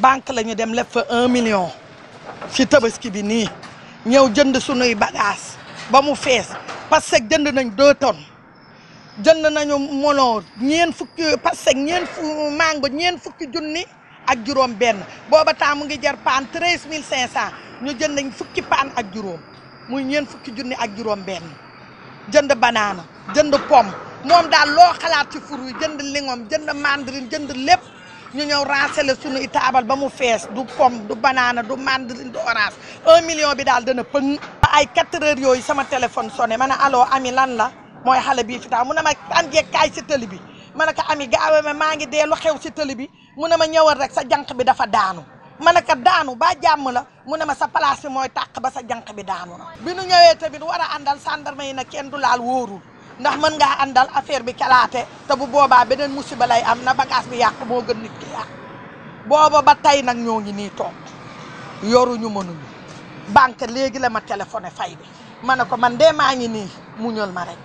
banque la ñu dem lepp fa un million ci tabaski bi ni ñew jënd suñu bagages ba mu fess parce que jënd nañ 2 tonnes jënd nañu melon ñeen fukki parce que ñeen fu mango ñeen fukki junni ak juróom benn booba ta mu ngi jar paan 13500 ñu jënd nañ fukki paan ak juroom muy ñeen fukki junni ak juroom ben jënd banana jënd pomme mom da lo xalaat ci fruit jënd lingom jënd mandarine jënd lepp ñu ñëw sunu suñuy taabal ba mu fees du pomme du banaana du mandarine du orange un million bi daal dana pëng ba ay quatre heures yooyu sama téléphone sonné ma ne allo ami lan la mooy xale bii fi taa mu ne ma am jeeg kaay si tëli bi ma ne ko ami gaawe ma maa ngi dee xew si tëli bi mu na ma ñëwal rek sa jànq bi dafa daanu ma ne ko daanu ba jàmm la mu na ma sa place mooy tàq ba sa jànq bi daanu na bi nu ñëwee tamit war a àndal gendarme yi nag kenn du laal wóorul ndax mën ngaa àndal affaire bi kalaate te bu boobaa beneen musiba lay am na bagage bi yàq moo gën nit ki yàq ba tey nag ñoo ngi nii toog yoruñu mënuñu banque léegi la ma téléphoné fay bi ma ne ko man dee maa ngi nii muñal ma rek